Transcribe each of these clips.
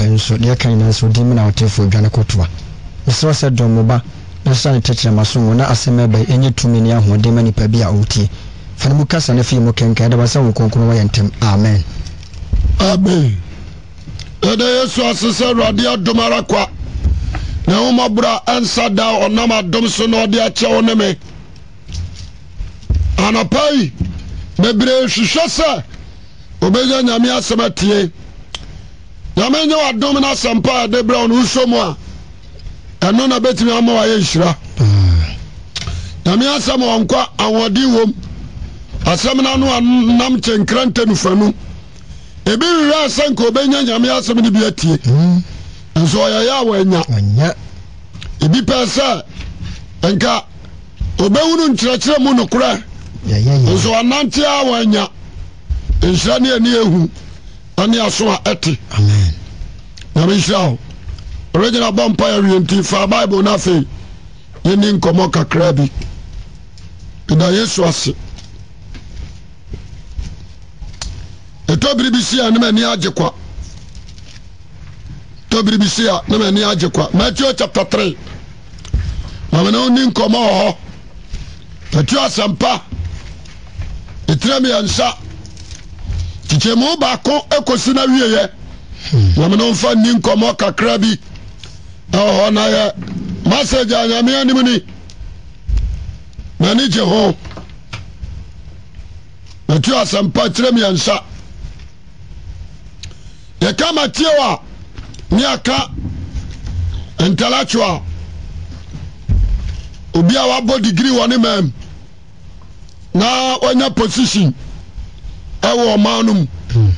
pɛ deɛ ka nyinaa nso di mu na ɔtefoɔ dwane kotoa mesrɛ sɛ dɔn ba na sa ne tɛkyerɛma so wo na asɛm ɛbɛ ɛnyɛ tumi ne ahoɔden ma nipa bi a ɔretie fa mu kasa no fii mu kenkan daba sɛ wo kronkron wɔyɛ ntɛm amen amen yɛda yesu ase sɛ awurade adom ara kwa na womɔborɔ ɛnsa da ɔnam adom so na ɔde akyɛ wo ne me anɔpa yi bebree hwehwɛ sɛ obɛnya nyame asɛm atie yame nyɛ woadom no asɛm paa ɛde brɛ no woso m a ɛno na bɛtumi ama wa yɛ nhyira nyame asɛm ɔnkwa awɔde wom asɛm no no a nam kyenkrantɛ nufanu ebi rerɛa sɛnka ɔbɛnya nyame asɛm no bi atie ns ɔyɛyɛ a wɔ anya ebi pɛɛ sɛ ɛnka obɛhuno nkyerɛkyerɛ mu nokorɛ nso ɔnankeɛ wɔ anya nhyira ne ani ɛhu ane aso a ɛte nyame original bɔ mpa awie nti fa bible no afei yɛni nkɔmmɔ kakra bi ɛda yesu ase ɛtɔbiri bi si a ne m'ani agye kwa tɔbiri bi si a ne m'ani agye kwa matthew chapter three maame na ɔni nkɔmɔ wɔ hɔ tatu asɛmpa etire mmiɛnsa kyikyɛmu baako ekosi na wieɛ nyame no mfa nni nkɔmmɔ kakra bi ɛwɔ hɔ na yɛ masage a nyame anim ni m'ani gye ho matu asɛmpa kyerɛ mmiɛnsa yɛka mateo a ne aka intellectual obi a wabɔ digiri wɔ ne mam na wanya position ɛwɔ ɔman no mu hmm.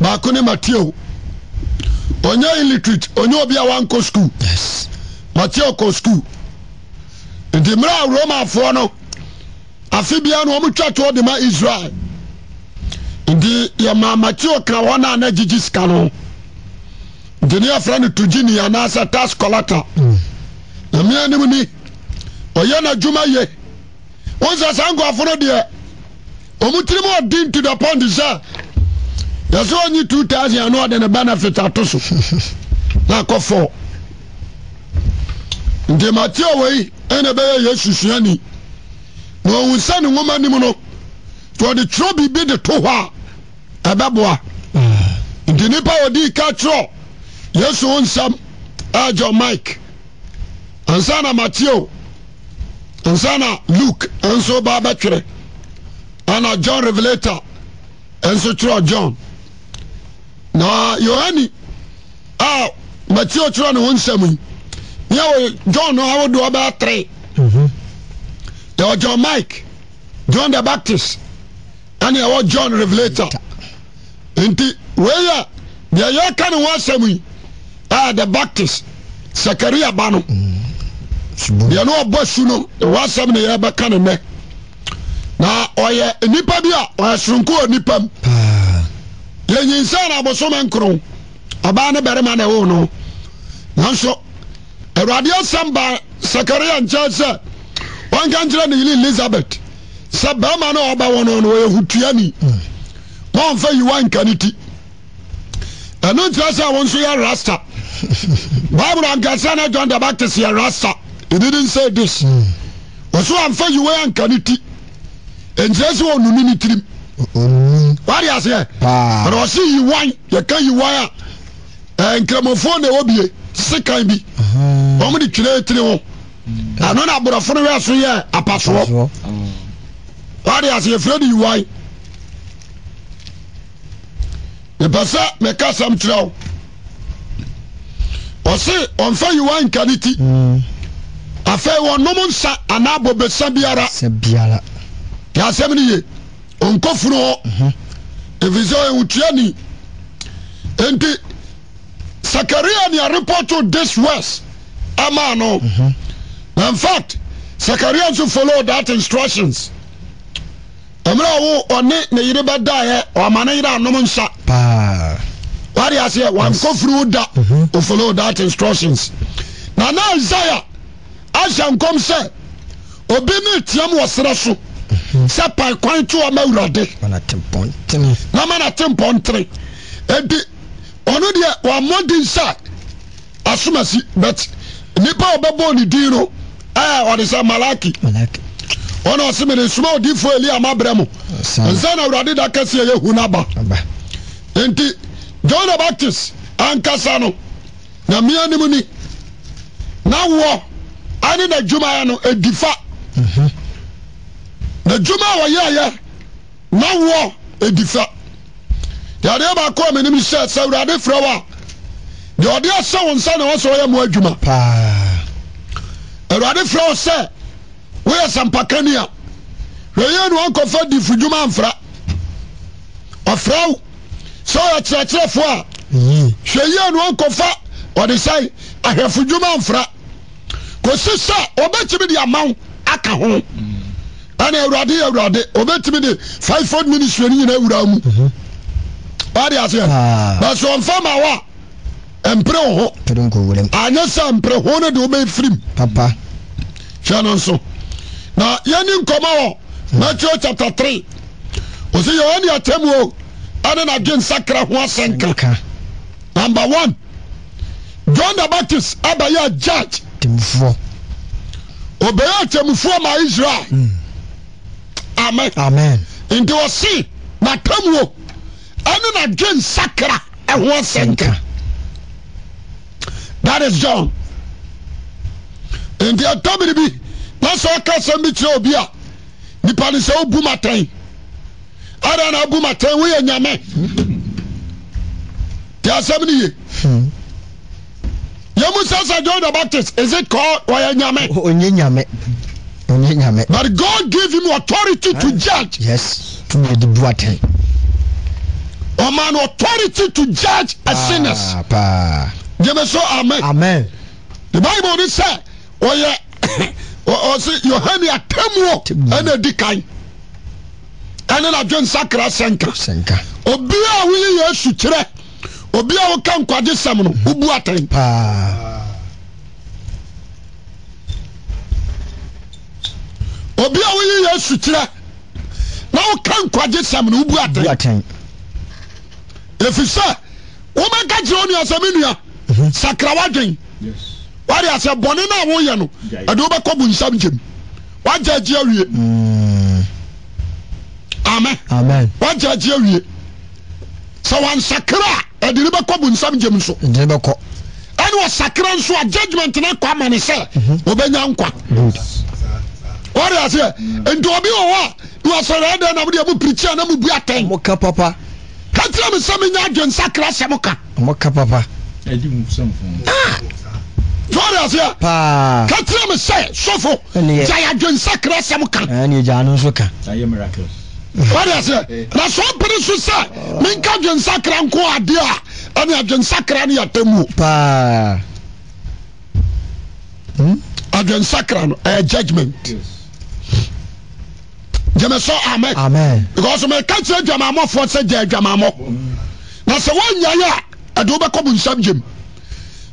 baako ne mateo ɔnyɛ illiterate ɔnyɛ obi a wankɔ skul mateo kɔ skul nti mmerɛ a romafoɔ no afe biara no ɔmotwa toɔ de ma israel nti yɛma mateo ka wɔn a na gyegye sika no nti ne yɛfrɛ no togini anaasɛ tas collector na mmea anim ni ɔyɛ n'adwuma yie wɔn sɛ saa nkurɔfoɔ no deɛ ɔmo tirim ɔdin to the point sɛ yɛsɛ ɔnye 2000 ano ɔde ne benefit ato so na akɔ fɔ nti mateo wei ɛna ɛbɛyɛ yesu suani na ɔhu sɛ ne nwoma nim no nti ɔde twerɛ biribi de to hɔ a ɛbɛboa nti nnipa ɔdii ka kyerɛ yesu wo mike ansa Matthew, mateo ansa na luke nso ba bɛtwerɛ ana john revelator nso twerɛ john na yohane a matio twerɛ ne ho nsɛm yi yɛwɔ john no ahodoɔ bɛyɛ tere yɛwɔ mhm. john mike john the baptist ɛne yɛwɔ john revelator nti wei a deɛ yɛka ne ho asɛm yi a the baptist sakaria ba no deɛ mm. ne ɔbɔ su no ɛwɔ asɛm ne yɛbɛka ne nnɛ na ɔyɛ nnipa bi a ɔyɛ soronko wɔ nnipa mu yɛnyinsa na abosome nkoro ɔbaa ne barima na ɛwɔ no nanso awurade asɛm ba sakaria nkyɛn sɛ wɔnka nkyerɛ ne yere elizabeth sɛ barima no a ɔba wɔ no no ɔyɛ hutuani ma ɔmfa yiwa nka ne ti ɛno nkyerɛ sɛ wo nso yɛ rasta bible ankasa na john the baptist yɛ rasta he didn't say this ɔso amfa yiwa anka ne ti ɛnkyerɛ sɛ ɔnumi ne tirim wari aseɛ ɛna ɔsi yiwan yɛka yiwan a ɛɛ nkramofoɔ na ɛwɔ bie sikan bi wɔn de twere tiri ho ɛno na aborɔfo no yɛ so yɛ apasoɔ wari aseɛ fira de yiwan nipa sɛ mɛka sam kyerɛ o ɔsi ɔnfɛ yiwan nka ne ti afɛ wɔn nom nsa anaa bɔ bɛsa biara yasɛm ni ye nkɔforo hɔ efisɛ wotua ni nti sakaria nea report this west ama no in fact sakaria nso follow that instructions mmerɛ a wo ɔne ne yere bɛdaeɛ ɔama ne yere anom nsa wade aseɛ wankɔfiri wo da mm-hmm. ofollow that instructions na na isaia ahyɛ nkɔm sɛ obi ne team wɔ serɛ so sɛ pan kwan to ɔma awurade na ma na te mpɔntere enti ɔno deɛ wammɔden sɛ asomasi but nipa a ɔbɛbɔɔ ne din no a ɔde sɛ malaki ɔna ɔse mene soma odifoɔ eli amabrɛ mu ɛnsa na awurade da kɛseɛ yɛhu no aba enti john baptist ankasa no na mmea no mu ni na woɔ ane n'adwumayɛ no ɛdi fa mhm. aadwuma a wɔyɛyɛ na woɔ ɛdifa adeɔ baakamanim sɛ sɛ awurade frɛ w a deɛ ɔde sɛwo nsnsyɛ mo adwuma awurade frɛ o sɛ woyɛ sampa kania hw yi anuankɔfa di fodwuma mfra ɔfra wo sɛ yɛ kyerɛkyerɛfoɔ a mm-hmm. hwɛ yianuanɔfa de sɛe ahwɛfodwuma mfra kosi sɛ ɔbɛkyimi deɛ aman aka ho ɛna awurade yɛ awurade obetumi de five fold ministry ni nyinaa awura mu wadi mhm. aseɛ ah. bɛsɛ ɔnfa ma wa mpere ho anyɛ sɛ mpere ho no de wobɛ firim hwɛ no nso na yɛni nkɔmɔ wɔ matthew chapter three ɔsɛ yɛwɔ ne atam o ɛne nadwe nsakra ho asɛnka number one john the baptist abɛyɛ judge obɛyɛ atammufoɔ ma israel mm. nti wɔse naamo ɛne nade sakra ɛhosɛnka tais jon ntiaamiribi na sɛ wka sɛm bi kyerɛobi a nipane sɛ wobu m atn adnaabmatwoyɛ nyamɛ ti asɛm ne ye hmm. y m sɛsa jona baptist is i yɛ nyam onye nyame. but God gave him authority to judge. yes tún yẹ di buwate. ọmọ an authority to judge as ah, sinners. jẹ́mi sọ amen. amen. the bible ni sẹ́ ọ̀yẹ ọ̀sẹ̀ yohane atẹ́muọ̀ ẹ̀na ẹ̀dí kan ẹ̀na nàjọ nsakira sẹ́nka. sẹ́nka. obi a wọ́n yẹ yẹ esu kyerẹ́ obi a wọ́n kẹ́ nkwajì sẹ́mu no wọ́n mm-hmm. bu atẹ́n. paa. obi a woyi yesu kyerɛ na woka nkwagye sɛm no wobu atɛn ɛfiri sɛ wobɛka kyerɛ wo nua sɛ me nua mhm. sakra woadwen wade asɛ bɔne no a woyɛ no ɛde bu nsam gyem wagya agye awie mm. amen wagya agye awie sɛ wansakra a ɛde ne bɛkɔ bu nsam gyem so ɛne wɔsakra nso a judgment no kɔ ama ne sɛ mhm. wobɛnya nkwa wɔde aseɛ nti obi wɔ hɔ a wasɔre ɛdɛ na mo deɛ mo pirikyi a na mo bu atɛn. mo ka papa. kakyira mi sɛ mi nya adwensakra sɛ mo ka. mo ka papa. di mu sɛn fún tọ́ọ̀rì àṣeyà. paa kẹtìrì mi sẹ sọfọ jayajọ nsakiri asẹmu kan. ẹni ìjà àánú nso kan. ayé miracle. tọ́ọ̀rì àṣeyà na sọ pẹ̀lú sọ sẹ mi nka jọ nsakiri nkọ adé a ẹni àjọ nsakiri ni yàtọ̀ mu. paa. Hmm? àjọ judgement. Yes jẹmẹ amen because mẹ kẹsì ẹdwamamọ fọ sẹ jẹ ẹdwamamọ na sẹ wọn nya yẹ ẹdun bẹ kọ bu nsẹm jẹm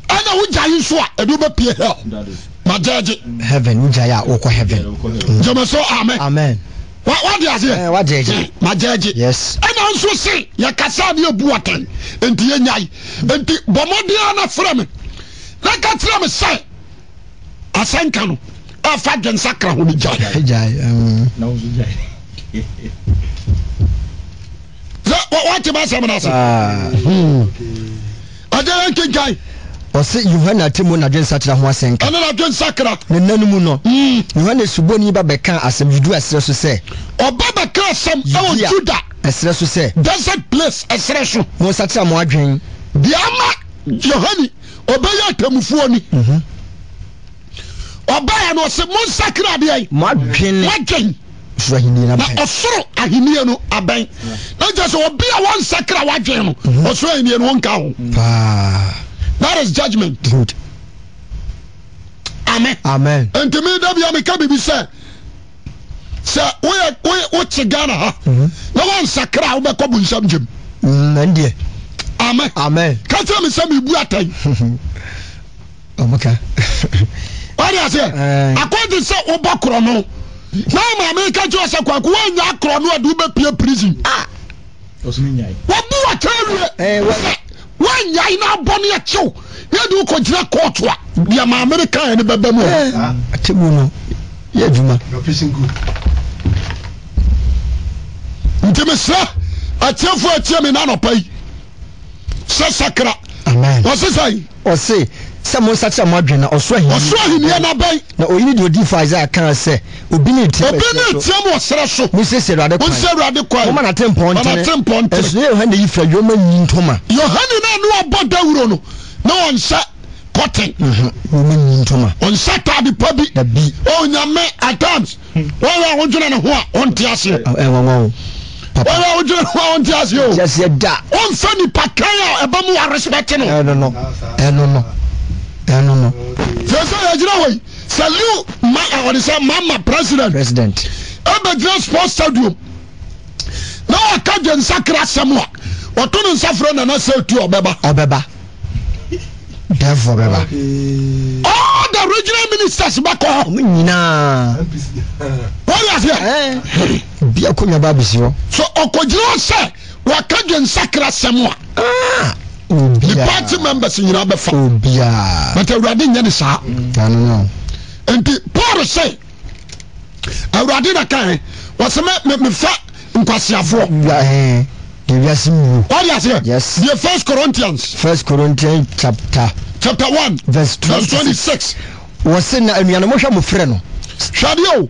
ẹna wọn gya yi nso a ẹdun bẹ pie hell ma jẹ ẹgye. heaven n gya yẹ a wọkọ heaven. Mm. jẹmẹ amen amen wa wa di ase yɛ wa jɛ ɛgye ma jɛ ɛgye yes ɛna nso se yɛ kasa ni ebu ɔtɛn nti yɛ nya yi nti bɔnmɔden ana fira mi n'aka tira mi sɛ asɛnka ɛfa dwensa kra ho no gyae mm. wate masɛm no ase agya hmm. yɛnkegyae ɔsɛ yohane ate mu nadwensa kyerɛ ho asɛnka ɛne nadwensa kra ne nna no mu no hmm. yohane subɔni ba bɛka asɛm yudu ɛserɛ so sɛ ɔba bɛka asɛm ɛwɔ juda ɛserɛ so sɛ desert place ɛserɛ so na ɔsakyerɛ mo adwen deɛ ama yohane ɔbɛyɛ atamufoɔ ni mhm. ɛ sadwsoro aheni no a at sɛ ɔbeawnsakr wodoshniɛ nokao tatis judgment m ntme da miameka birbi sɛ sɛ woke ghanh nnsakra woɛkbnsaa ka t me sɛ mebuatn wọ́n aseɛ akɔnti sɛ wobɔ korɔ no na maame ka kyerɛ sɛ kwako woanya korɔ no ade wobɛpie prison wɔbu wɔkyerɛ wie woanyae na abɔ no yɛkyew na de wokɔgyina kɔɔto a deɛ maame no kaɛ no bɛbɛ mu akyɛmu no yɛ adwuma nti mesrɛ atiɛfoɔ atia me na anɔpa yi sɛ sakra wɔse sɛi ɔse sɛ mo nsa kyerɛ mo adwene na ɔsoro ahenni ɔsoro ahenni na bɛn na oyini deɛ odi fa isaiah kan sɛ obi ne tiam obi ne tiam wɔ serɛ so mo nsiesie awurade kwan mo nsiesie awurade kwan mo ma na te mpɔntene mo ma na te mpɔntene ɛsoro yɛ yohane yi fira yoma nyi ntoma yohane naa ne ɔbɔ dawuro no na ɔnhyɛ kɔten mhm. yoma nyi ntoma ɔnhyɛ taade pa bi dabi ɔnyame at times wɔyɛ a wɔdwene ne ho a ɔnte aseɛ ɛwɔ wɔn papa. wọ́n yà ojú ẹ̀rọ àwọn ti àṣẹ o. jẹ́sẹ̀ da. wọ́n fẹ́ nípa kẹ́yà ẹ̀bá mu àrẹ́sìmẹ́tì nù. ẹnu nù ẹnu nù ɛno no fɛ sɛ yɛgyina hɔ yi sɛ liw ma ɔde sɛ mama president president ɛbɛgyina sports stadium na wɔka gye nsakra asɛm a wɔto ne nsa frɛ nana sɛ tu ɔbɛba ɔbɛba dɛfo bɛba all the regional ministers bɛkɔ hɔ ɔmo nyinaa wɔde aseɛ bi akonnwa ba bisi hɔ so ɔkɔgyina hɔ sɛ wɔka gye nsakra asɛm a ah! ne party members nyinaa bɛfa but awurade nyɛ ne saa mm, nti paul sɛ awurade na kan wɔsɛ mefa nkwaseafoɔ eh, dewiase mu. wáyé ase. yes. the first corinthians. first corinthians chapter. chapter one. verse twenty six. wọ́n sẹ́ na ẹ̀mìyànnà mo hwẹ́ mo fẹ́rẹ̀ no. sade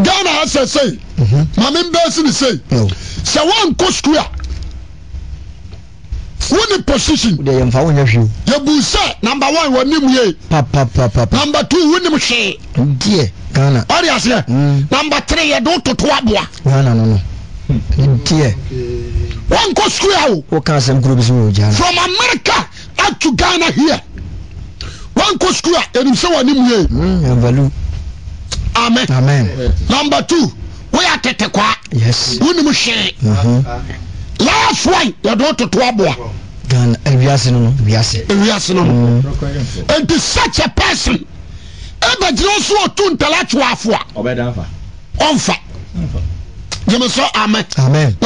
ghana asɛ sɛi mm-hmm. mamembɛsi ne sei sɛ wonkɔ skua wone position yɛbu sɛ numb 1e wɔne mue numbe 2 wonm hweeɛ nm 3 yɛde wootowa boa onkɔ ska wo hmm. from amerika ato ghana hea wonkɔ skua ɛnim sɛ woane mue mm, num t woyɛ tetekwawonm hee afoa dnt suh person bagyira ot nla aafoa f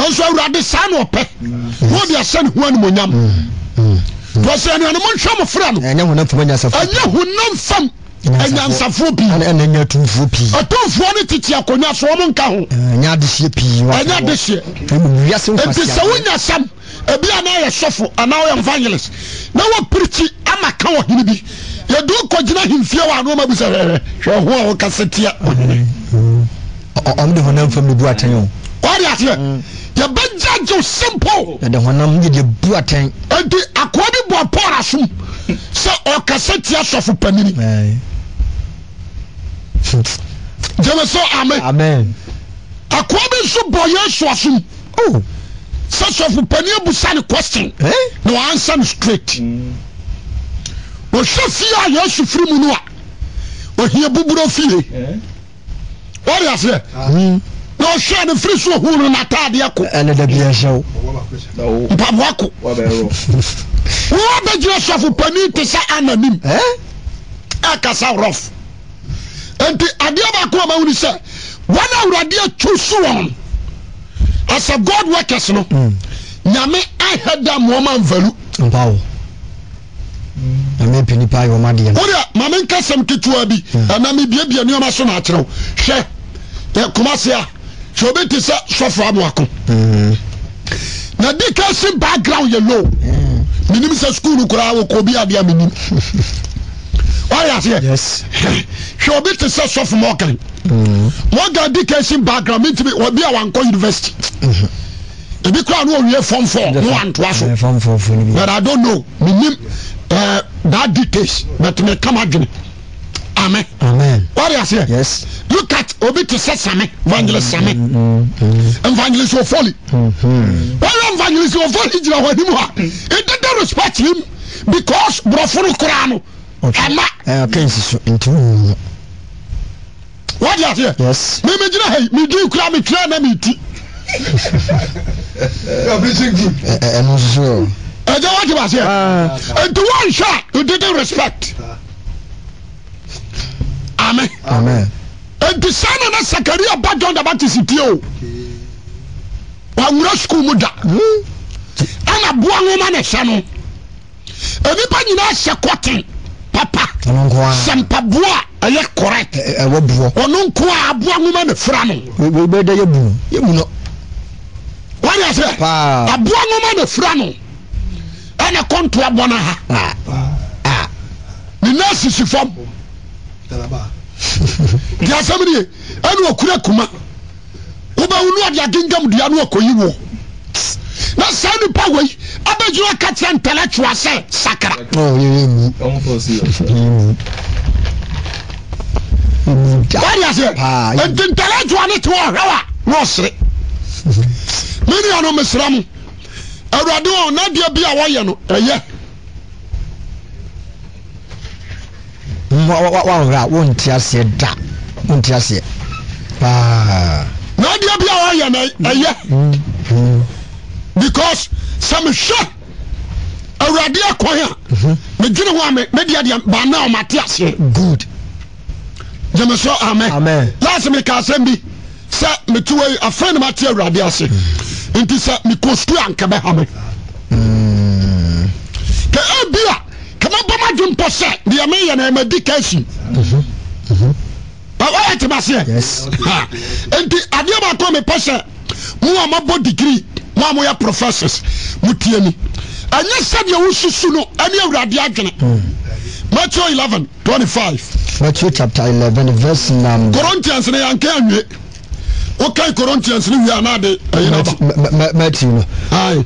s owrde saa na pɛiasɛne hoanumnya aneanomo nɛm fra nonya hunamfam ayansafoɔ piitofuɔ ne keke akona skaho sɛ wonya sam binayɛsfo angeles n apre amaka e kina hee e bɔ paul asom sɛ ɔkasa tia sɔfo panini gyeme sɛ amen akoa nso bɔ yesu asom oh. sɛ sɔfo pani abusa question eh? na wɔansa no straight ɔhwɛ fie a yesu firi mu no a buburo fie eh? wɔde aseɛ mm. oooaɛgira sfo pani te sa anan akasa ɔ ni adebaawn sɛ anawradeakwo s as god woes no mm. nyame ahɛda moɔma mvaruo mamenkɛ sɛm ketea bi mm. ɛnamebiabianea snyerɛ hwɛoasea tí obi ti sẹ sọfọ amuako na dikasi background yẹ low minimu sẹ sukuu kura awo ko bi adi a minimu wáyé aseɛ hwɛ obi te sɛ sɔfo mɔgan mɔgan dikasi background mi ti bi obi a wankɔ university ebi kura no owie form four no antoa so but i don't know minim ɛɛ eh, that details but mi kama dwene. ee amen nti saa na na sakaria ba john the baptist tie o wawura sukuu mu da ɛna hmm. boa nwoma na ɛhyɛ no nyinaa hyɛ kɔten papa sɛmpaboa a ɛyɛ correct ɛwɔ boɔ ɔno nko a aboa nwoma na fura no bɛbɛ da yɛ bunu yɛ bunu wɔde ase aboa nwoma na fura no ɛna kɔntoa bɔ na ha ne nan sisi fam deɛ asɛm ne ye ɛne ɔkura kuma wobɛwo no ade agenkam dua no akɔyi wo na saa nipa wei abɛgyina aka kyerɛ ntellectual sɛ sakra wade aseɛ nti ntellectual ne te wɔ ɔhwɛ a na ɔsere menua no mesra mu awurade ɔ na deɛ bi a wɔyɛ no ɛyɛ wahora wonte aseɛ da wonte aseɛ paa na adeɛ bia wɔyɛ no mm. ɛyɛ mm-hmm. because sɛ awurade akwan a mm-hmm. medwene ho a medeɛ deɛ baana ɔmate aseɛ good gyeme so amen last meka asɛm bi sɛ metuwei afei ne mate awurade ase mm. nti sɛ mekɔ sukuu ankɛbɛha me di mpɔ sɛ deɛ meyɛ no ɛmadi ka mhm. mhm. asi wɔyɛ te baseɛ enti adeɛ baako mepɛ sɛ mo a mabɔ degree mo a moyɛ professors motie ni ɛnyɛ sɛdeɛ wosusu no ɛne awurade adwene mm. matthew eleven twenty five. matthew chapter eleven verse number. corinthians ni yanke anwie wokai corinthians ni wi anaade ɛyinaba. matthew no. ayi.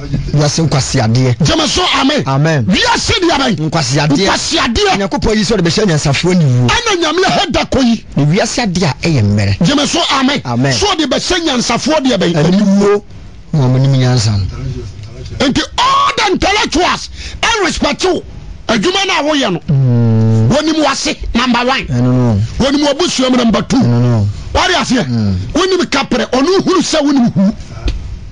ideɛɛɛana nyame adakyie deɛa yɛ mɛr amoam de bɛɛ nyansafoɔdenre intellectas arispɛte adwua noahoyɛ no nwase nakapɛ ɔnru sɛ n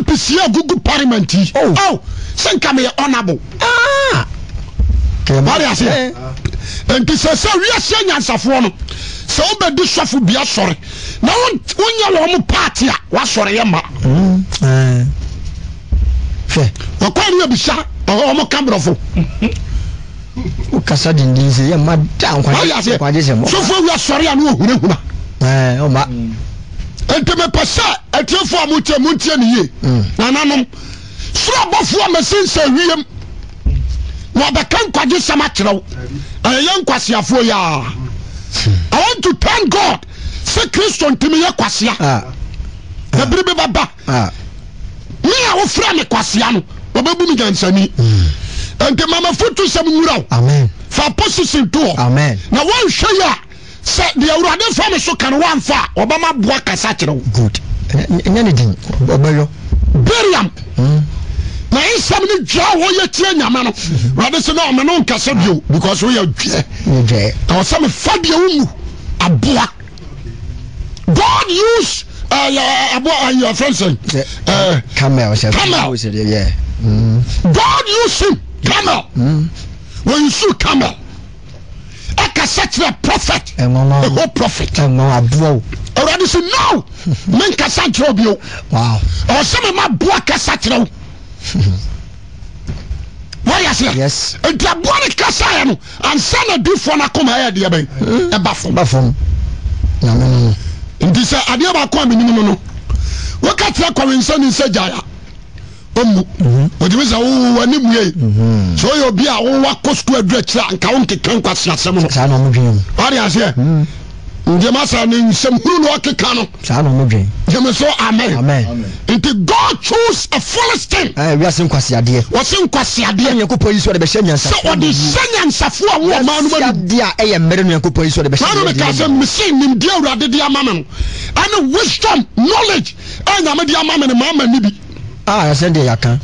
mpc agugu parliament yi oh. aw sɛ nka meyɛ honourable wade ah. aseɛ ah. nti sɛ sɛ wiase anyansafoɔ no sɛ wobɛdi sɔfo bia sɔre na wonyɛ wɔ mo paate a woasɔre yɛ ma mm. ɔkɔ ne yɛbisa ɔmo o wokasa dindin sɛ yɛma da nkwagye sɛ mɔ sɔfo awi asɔre a ne wɔhunahuna nti mepɛ sɛ atuɛfo a motmontiny no soroɔfoɔ amasnsɛ i bɛka nkwagesɛmakyerɛw ɛyɛnkwaseafoɔy io ank god sɛ kristo ntimiyɛ kwasea aberei ah. bb ah. eawofrɛ mekwasea ɛb m nyansani mm. ni mamafoto sɛm wura faapɔsisintoɔ naɛi sɛ deɛ awurade fɛ ne so kane wamfa a ɔbɛma boa kasa kyerɛ wo good ɛnyɛ ne din ɔbɛyɔ biriam hmm. na nsɛm no dwa a wɔyɛ kyerɛ nyame no awurade sɛ na ɔme no nkasa bio ah. because woyɛ dwɛ na ɔsɛ mefa deɛ wo mu aboa god use yɛfrɛ sɛ camel god use him camel hmm. wɔnsu camel kasa kyerɛ prof wrade so no menkasa nkyerɛ wobio ɔ sɛme maboa kɛsa kyerɛ w aseɛ ɛntaboa no kɛsaɛ no ansɛ na difoɔ nomaɛɛdeɛbɛ ɛa nti sɛ adeɛbaamn wka kyerɛ knsɛ no sɛgaa ɔmu ɔtumi mhm. sɛ wowo w'ani mue mhm. sɛ woyɛ obi a wowa kɔ sukuu aduru akyirɛ a nka wo nkeka nkwase asɛm ho wade aseɛ mhm. ndeɛma sa ne nsɛm huru na ɔkeka no gyeme so amen nti god chose a philistine wiase nkwaseadeɛ wɔse nkwaseadeɛ nyankopɔn yi so ɔde bɛhyɛ nyansa sɛ ɔde hyɛ nyansafoɔ a wowɔ ma no manuade a ɛyɛ mmerɛ no nyankopɔn yi so ɔde bɛhyɛ meka sɛ mese nimdeɛ awurade de ama me no ɛne wisdom knowledge a nyame de ama me no maama ni bi a yɛ sɛ deɛ yɛaka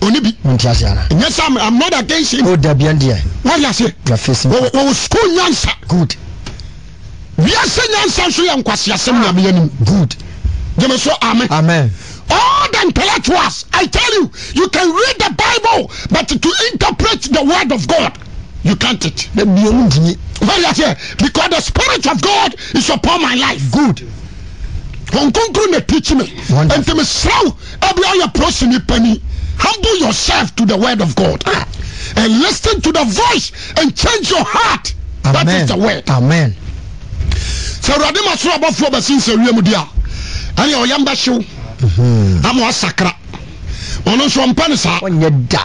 onibi nti ase ara nye sa i'm not against him o dabi ndiɛ wali ase wɔ wɔ school yansa good wiase nyansa nso yɛ nkwasi asɛm na ameyɛ ah, nim good jɛmɛ so amen amen all the intellectuals i tell you you can read the bible but to interpret the word of god you can't it. bẹẹni o n dun ye. wali ase because the spirit of god is upon my life. good nkonkoro na teach me nti me sraw ebi ayɛ prosini pani humble yourself to the word of God ah. and listen to the voice and change your heart amen. that is the word amen sɛ awurade ma soro abɔfoɔ bɛsi nsɛ wiem di a ɛneɛ ɔyɛ mbɛhyew ama wasakra ɔno nso ɔmpa ne saa ɔnyɛ da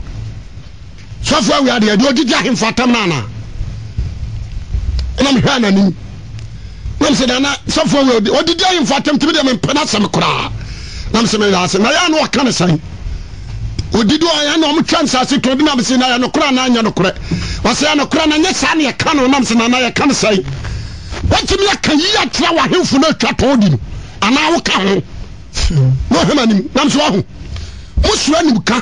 sɔfo awia deɛ deɛ ɔdidi ahemfo atam nana ɛnam hwɛ ananim nam sɛ nana sɔfo awia deɛ ɔdidi ahemfo atam tumi deɛ mempɛ na asɛm koraa nam sɛ meyɛ asɛm na yɛ ano ɔka ne sɛn odidi ɔyɛ na ɔmotwa nsase to bi nam na yɛ nokorɛ na anyɛ nokorɛ wɔsɛ yɛ nokorɛ na nyɛ saa ne yɛka no nam sɛ nana yɛka ne sɛn wɔtumi yɛka yi akyerɛ wahemfo no atwa tɔɔ di no anaa woka ho na ɔhwɛ anim nam sɛ waho mosua animka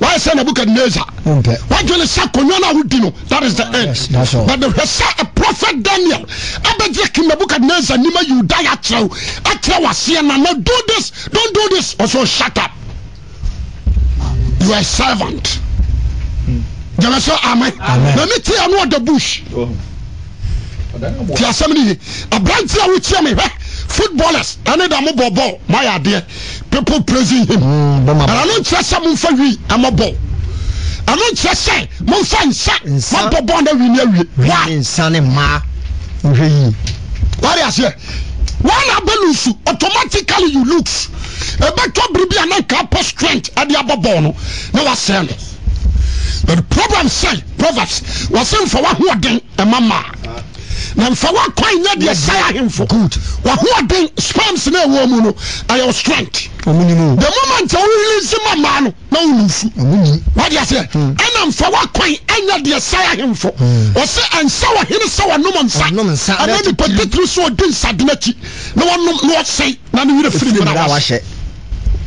why say Nebuchadnezzar? Why do you say Konyana Udino? That is the end. Yes, that's all. But the say a prophet Daniel, Abedje King Nebuchadnezzar, Nima you die at you, at you was here now. No, do this, don't do this. Also, shut up. You are a servant. Hmm. Jẹ́mi sọ amẹ́. Mẹ́mi tí a nù ọ̀dọ̀ bush. Oh. Tí a sẹ́mi nìyí, àbúrántí àwọn tí mi hẹ́. footballers ɛne da mo bɔ bɔl mo ayɛ adeɛ people praising him ɛna no nkyerɛ sɛ mo nfa wi ɛmɔ bɔl ɛno nkyerɛ sɛ mo nfa nsa mo bɔ bɔl na wi ni awie wa nsa ne mmaa nhwɛ yi wari aseɛ wɔn na abɛ lusu automatically you lose ɛbɛtɔ biribi a nan ka pɔ strength ɛde abɔ bɔl no na wasɛn no but problem sɛ proverbs wɔsɛn fɔ wahoɔden ɛma maa na mfa wakwan nyɛ deɛ sae ahemfo wahoɔden spams no ɛwɔ mu no ɛyɛ strength the moment a worelease ma maa no na wonufu wade aseɛ hmm. ɛna mfa wakwan ɛnyɛ deɛ sae ahemfo hmm. ɔsɛ ɛnsɛ wɔhene sɛ wɔnom nsa ɛna nipa titiri so ɔdi nsadena akyi na wɔnom na ɔsɛe na ne werɛ firi mu na wahyɛ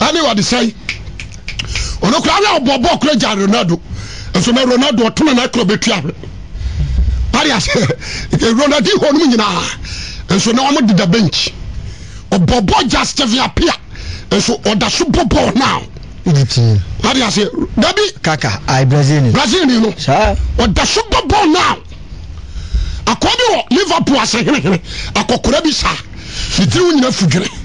nedesɛi ɔaaaldoadod dedaen ɔɔya teap ndbnarasiln dlivpoolronynafdw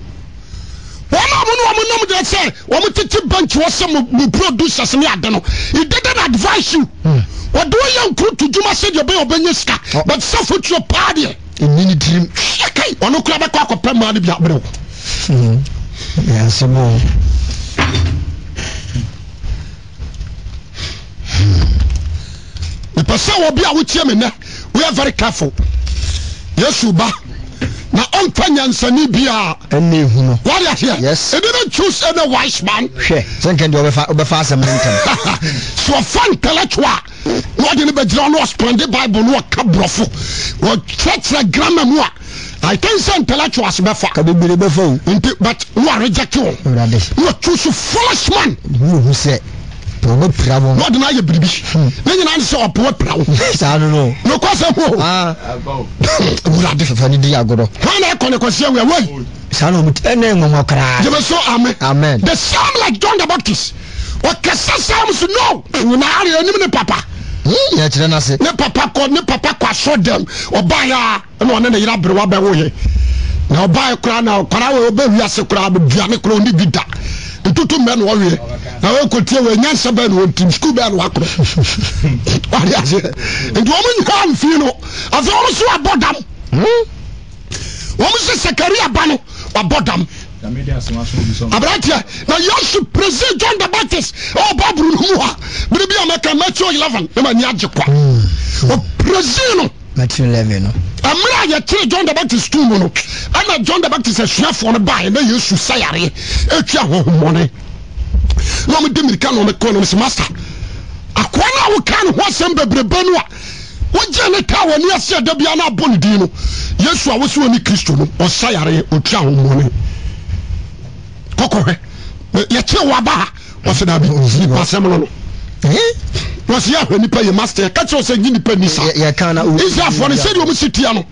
ɔamono ɔmnamdenɛ sɛ ɔmtete banch w s muproersmeye n eidn advice you ɔdewoyɛ nkroto dwuma sɛdeɛ obɛ ɔbɛnyɛ sika busɛfotpade naɛɔɛsɛ wotmen ear very caefl na ɔmfa nyansani biaa ɛne huno wade aseɛ ebi no choose ɛne wise man hwɛ sɛnkɛ deɛ wobɛfa asɛm no ntam sɛ ɔfa a na ɔde no bɛgyina no ɔsprɛnde bible no ɔka borɔfo wɔkyerɛkyerɛ grama mu a I think sɛ intellectuals bɛfa ka bebree bɛfa o nti but no a reject wo na choose foolish man wohu sɛ ɔbɛ pira wɔn. n'o dina ayɛ biribi hmm. ne nyinaa sɛ ɔpɔ pira wɔn. saa ninnu. n'o kɔ sɛ mo. Ah. wulade fɛfɛ ni di agorɔ. hɔn n'a kɔni kɔ seɛ wuya woyi. saa ninnu ɛ ne ye ŋɔŋɔ kura. jɛmɛso amen. amen. the same like john the baptist ɔkɛsɛ sam so no nyinaa yɛ anim ne papa. Hmm, yɛ kyerɛ n'ase. ne papa kɔ ne papa kɔ aso dɛm ɔbaa yɛ a ɛna ɔne ne yɛrɛ abiriwa bɛ wo ye na ɔbaa yɛ kura na ɔkara wɔ ɔbɛ wiase kura aduane kura ɔne bi da. osam wb dmsekaria ban b dm bryse presen john te bactisba ee a matthew eleven no. amúra yẹ tiri john the baptist tún mu no ẹna john the baptist ẹsuafoɔ no baa yẹ na yesu sayare etu ahohom mɔne na ɔmo di mirika na ɔmo kɔ na ɔmo master akɔla a wɔka ne ho asɛm bebrebe no a wogye ne kaa wɔ ne ase ɛda bia na abɔ ne din no yesu a wosi wɔ ne kristo no ɔsayare otu ahohom mɔne kɔkɔhwɛ yɛkyerɛ wɔ wɔsi ahwɛ nipa yɛ master kati wɔsɛ nyi nipa nisa israfoɔ no sɛdeɛ ɔmo si tia no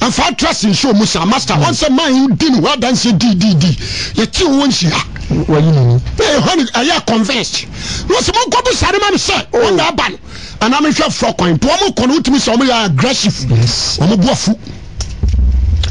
nfa atrasi nhyɛ ɔmo sa master wɔn mm. sɛ man di ne ho adansi di di di yɛti wɔn nhyia wɔyi ne ɛyɛ hɔ ni ɛyɛ convinced wɔsi mo nkɔbu sari ma mi sɛ oh. wɔn na aba no anam nhwɛ fɔ kwan po ɔmo kɔ no wotumi sɛ ɔmo yɛ aggressive ɔmo bu afu.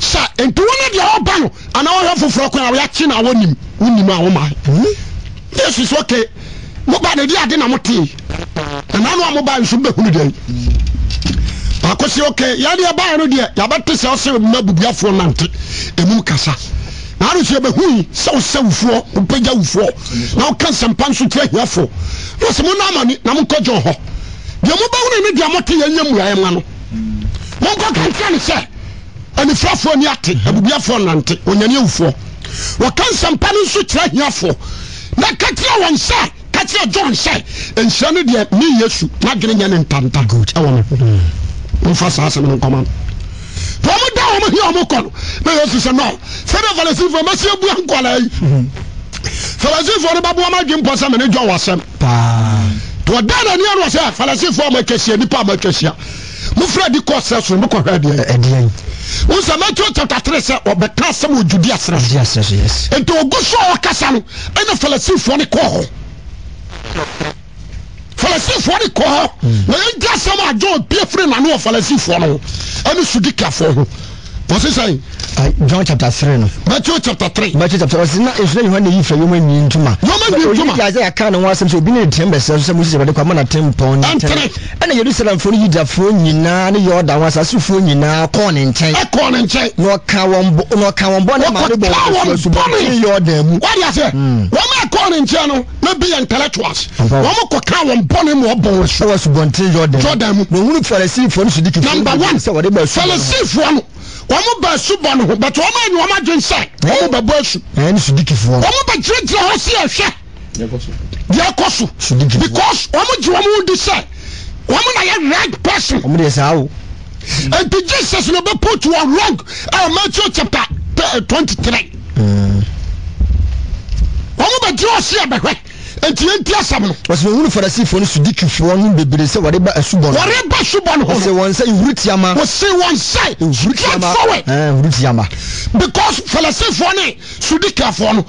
sa nti wɔn deɛ ɔba no foforɔ a na wɔnim wɔnim a wɔma this de di na mo tee anaa no a moba nso bɛhunu dɛ baako si no deɛ sɛ ɔsɛ mma nante emu kasa na ano sɛ yɛbɛhu sɛ wosɛ wufoɔ wopagya wufoɔ na woka nsɛmpa nso kyerɛ ya na sɛ mo na hɔ deɛ deɛ ma no anfaf hmm. n a an aaan o ea aa n sɛ matthew chapter three sɛ ɔbɛka asɛm wɔ judi asrɛ nti ogu so a ɔkasa no ɛna falasifoɔ ne kɔɔ hɔ falasifoɔ ne kɔɔ hɔ hmm. na yɛnti asɛm a john pie firi nano wɔ falasifoɔ no ho ɛne sudikafoɔ ho wɔsi sɛn. Ah, john chapter three no. matthew chapter three. matthew chapter three ɔsi na esunɛ yohane yi fɛ yom enyi ntoma. yom enyi ntoma. oyi di ase aka ne ho asɛm sɛ obi ne tɛn bɛsɛ sɛ mo sisi ɛbɛde kɔ ama na tɛn pɔn ne tɛn. ɛna yerusalem fo ni yidafo nyinaa ne yɔɔda wɔn asase fo nyinaa kɔɔ ne nkyɛn. ɛkɔɔ ne nkyɛn. na ɔka wɔn bɔ na ɔka wɔn bɔ ne maame bɔ wɔn susu bɔ ne yɔɔda mu ɛkɔ ne nkyɛn no na bi yɛ intellectuals wɔn kɔ ka wɔn bɔnne mu ɔbɔn wɔn so. ɛwɔ subɔnten jordan jordan mu. na ohun farisifoɔ no sudi kifo. number one farisifoɔ no wɔn bɛ su bɔ ne ho bɛtɛ wɔn anyi wɔn adwene sɛ wɔn bɛ bɔ esu. ɛɛ ni sudi kifo. wɔn bɛ gyinagyina hɔ si ɛhwɛ. deɛ kɔ so. sudi kifo. because wɔn gye wɔn di sɛ wɔn na yɛ right person. wɔn de yɛ saa o. nti jesus na bɛ put wɔn wrong ɛɛ matthew chapter eh, twenty three. Mm wɔn bɛgyina ɔsi abɛhwɛ eti eti asam no. wɔsi wɔn wuli farasifoɔ ni sudi kifi wɔn ho bebree sɛ wɔde ba asubɔ no. wɔde ba asubɔ no ho no. wɔsi wɔn nsa ihuru tiama. wɔsi wɔn nsa ihuru tiama straightforward. ɛɛ ihuru tiama. because farasifoɔ ni sudi kafoɔ no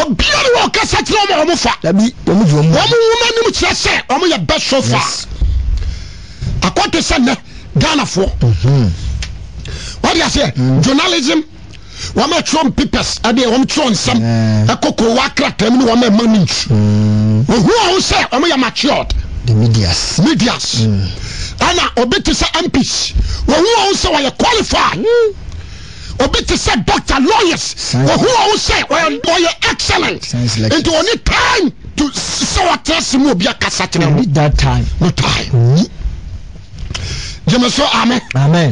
obiara ni wɔn kasa kyerɛ wɔn a wɔn fa. dabi wɔn di wɔn mu. wɔn wuma nimu kyerɛ sɛ wɔn yɛ bɛ so far. akɔto sɛ nɛ ghana foɔ. wɔde aseɛ journalism. Mm -hmm wɔn a twerɛ papers ɛdeɛ wɔn twerɛ nsɛm ɛkoko wakrataa mu ne wɔn a ɛma ne nsu ohu ɔho sɛ wɔn matured the medias medias ɛna mm. obi te sɛ mps ohu ɔho sɛ wɔyɛ qualified mm. obi te sɛ doctor lawyers ohu ɔho sɛ wɔyɛ excellent nti wɔn time to sɛ wɔtɛ se mu obi akasa kyerɛ need that time no time mm. jẹmẹsọ amen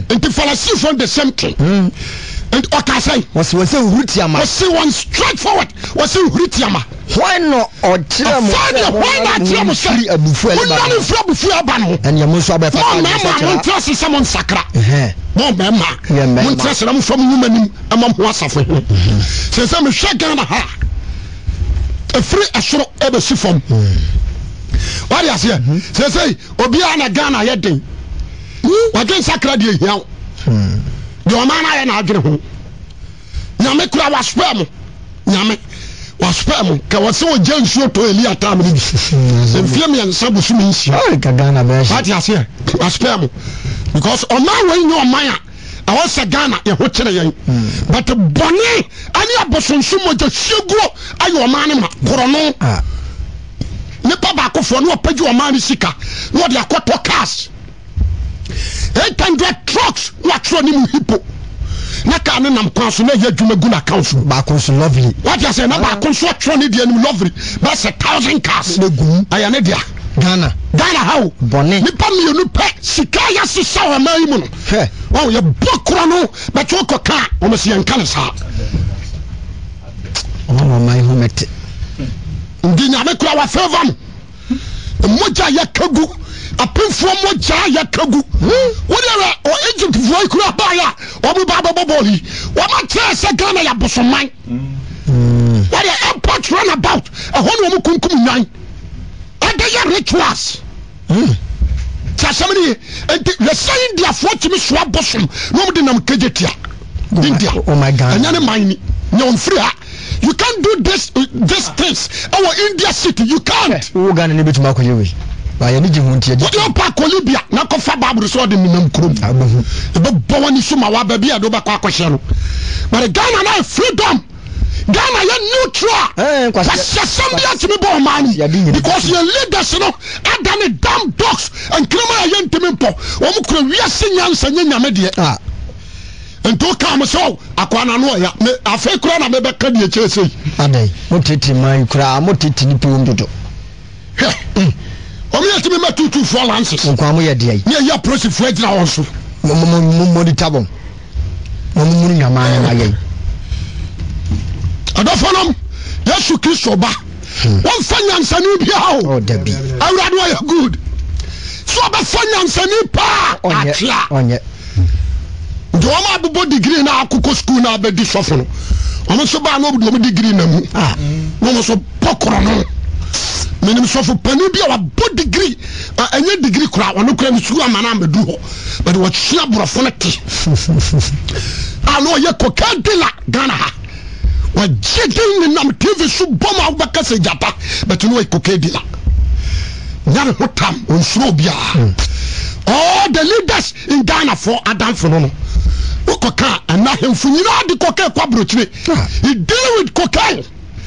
nti falasifo the same thing. Mm ɔka sɛn. wɔsi wɔsi nhuri ti ama. wɔsi wɔn straight forward wɔsi nhuri ti ama. wɔn na ɔkyerɛ mu sɛ wɔn na ɔkyerɛ mu sɛ abufu ɛba no wɔn fura abufu ɛba no. ɛni ɛmu nso abɛfa kaa ɛmu sɛ kyerɛ. wɔn mɛma mo ntira sisan mo nsakra. wɔn mɛma mo ntira sisan mo fam nyuma nim ɛma mo asafo ho. Mhm. sɛnsɛn mi hwɛ ghana ha efiri ɛsoro ɛbɛsi fam. Mhm. wɔde aseɛ mhm. sɛnsɛn obiara na ghana yɛ den. Hmm? wɔdwe nsakra deɛ hiaw deɛ ɔman no ayɛ na adwene ho nyame kura wasopa mu nyame wasopa mu ka wɔ sɛ ɔgya nsuo tɔ eli atam no bi mfie mmiɛnsa bosom nsiabate aseɛ wasopa mu because ɔman wei nyɛ ɔman a ɛwɔ sɛ ghana yɛho kyerɛ yɛn hmm. but bɔne ane abosonsom mogya hyiaguo ayɛ ɔman no ma ah. korɔno nipa baakofoɔ ne ɔpagye ɔman no sika na ɔde akɔtɔ cars 800 truwatorɛne mu hipo na ka ne nam koaso n ɛ dwuma gunaccoɛne dnveyɛsɛ 000 casyɛedenipa mien pɛ sika yɛsesamai mnɛanyaa apemfoɔ mmɔgyaa yɛka gu wode wɛ ɔ egyptfoɔ yi kura baayɛ a ɔmo ba bɛbɔ bɔɔl yi wɔma kyerɛ sɛ ghana yɛ abosoman wɔde airport e run about ɛhɔ e ne ɔmo kunkum nwan ɛde e yɛ rituals ti asɛm ne ye nti yɛsɛ indiafoɔ tumi soa bosom na ɔmde nam kagye tia oh india ɛnyɛ oh ne man ni nyɛ ɔmfiri ha you can't do this, uh, these things ɛwɔ india city you can't eh, wo ghana ne bɛtumi akɔyɛ wei báyẹn ní jihun tiẹ jẹ. wọ́n yóò paako libya n'akọ fa baabulu sọ̀rọ̀ de minam kurom. ebe bọ́ wọn ni suma wa bẹẹ bi yà dó bá kọ́ akọ́ṣẹ́ no bari ghana náà freedom ghana yɛ neutral wasɛsɛm bi atumi bɔ ɔmaa no because yɛ leaders no ada ne dam dogs nkrama a yɛ ntumi mpɔ wɔm kura wiase nyansa nyɛ nyame deɛ nti woka me sɛ akoa na no ɔya afei kora na mebɛka deɛ kyerɛ sɛi adɛn motete ma yi koraa motete nipa wom dodo omyɛtimi ma totu foafnom yesu kristo ba ɔmfa nyansane biawadeyɛgd sɛɔbɛfa nyansani paa aa nɛmabobɔ degre o l ene sofo panbi o deree degree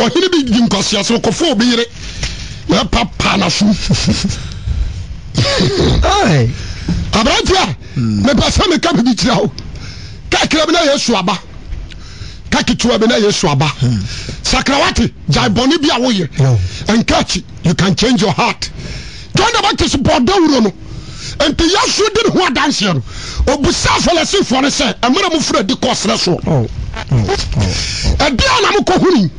ɔhene bi di nkwasease kɔfo obi yere mɛpa paa naso aberanteɛ hmm. mepɛ sɛ meka biribi kyerɛ wo kakra bi na yɛ su aba bi na yɛ su hmm. sakrawate gyae bɔne bi a woyɛ ɛnkakyi you can change your heart john the baptist bɔ no nti yɛsu de ne ho adanseɛ no ɔbusa afɔlɛsifoɔ no sɛ ɛmerɛ mo fura di kɔserɛ soɔ oh. oh. oh. ɛdeɛ a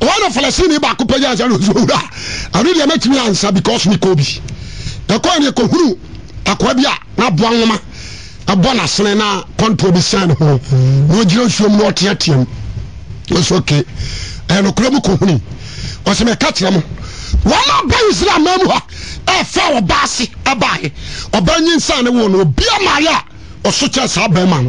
ɔna falasini baako na yansa no nsowura ano deɛ mɛtumi ansa because mi kɔ bi ɛkɔ ne kɔhuru akɔa bi a n'aboa nwoma abɔ n'asene na kɔntro bi sɛn ho na ogyina nsuo mu na ɔteateɛ mu ɔsɛ okay ɛyɛ nokora mu kɔhuru ɔsɛ mɛka kyerɛ mo wɔn a ba israel man ha efe ɔba ase ɛba he ɔba nyi nsa ne wo no obi ama ayɛ a ɔso kyɛ saa bɛrima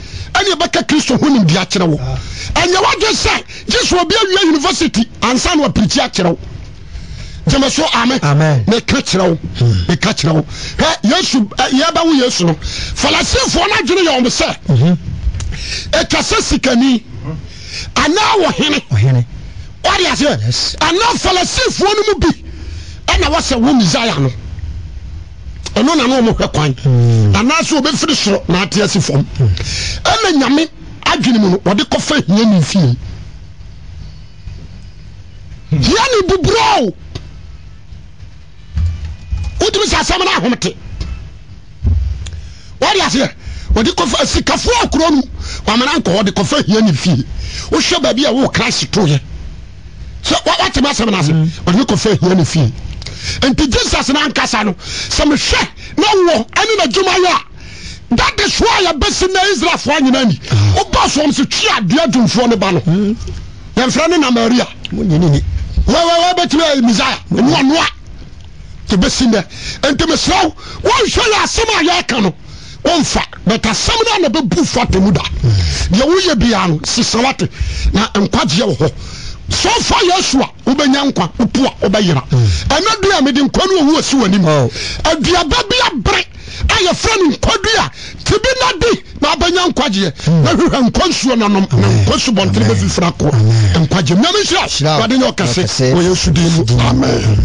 ɛne ɛbɛka kristo ho nimdi akyerɛ wo ɛnyɛ ah. wadwe sɛ gye so obi awia university ansa na wapirikyi akyerɛ wo gyeme so ame meka kyerɛ wo meka hmm. kyerɛ wo hɛ yesu yɛbɛwo yesu no farisifoɔ no adwene yɛ ɔm sɛ ɛtwa mhm. sɛ sikani anaa wɔ hene ɔde aseɛ anaa farisifoɔ no mu bi ɛna wɔsɛ wo misaya no ɛno na no ɔmo hwɛ kwan anaasɛ hmm. obɛfiri soro na ate ase fam ɛna nyame adwene mu no wɔde kɔfa hia ne fie hmm. hia ne buburoo wotumi sɛ asɛm no ahomte wɔde aseɛ wɔde kɔfa sikafoɔ akuro no wamana nkɔ wɔde kɔfa hia ne fie wohwɛ baabi a wo kra si toyɛ sɛ woatemi asɛm no ase hmm. wɔde kɔfa hia ne fie nti jesus na ankasa no sɛ mehwɛ na wɔ ɛne n'adwuma yɛ a that is why yɛbɛsi na israelfoɔ nyina ni wobɔ ah. soɔm so twe adeɛ adwumfoɔ no ba no hmm. yɛmfrɛ ne na maria wɛbɛtumi misaya hmm. noanoa tebɛsi nɛ enti mesrɛ wo wɔnhwɛ yɛ asɛm a yɛka no wɔmfa but asɛm no a na bɛbu fa temu da hmm. deɛ woyɛ biaa no sisawate na nkwagyeɛ wɔ hɔ so ofa yɛ asu a wobɛnya nkwa wopoa wobɛyera ɛna du a mede nkwa ne ɔwua si w'anim aduababia berɛ a yɛfrɛ no nkwa du a te bi na di na abɛnya nkwagyeɛ hmm. na heɛ nkwa nsuo nonom ne nkwa su bɔntere bɛfiifira ko nkwagyɛ nname hyire wade nyɛ kɛse oyɛ sudii mu amen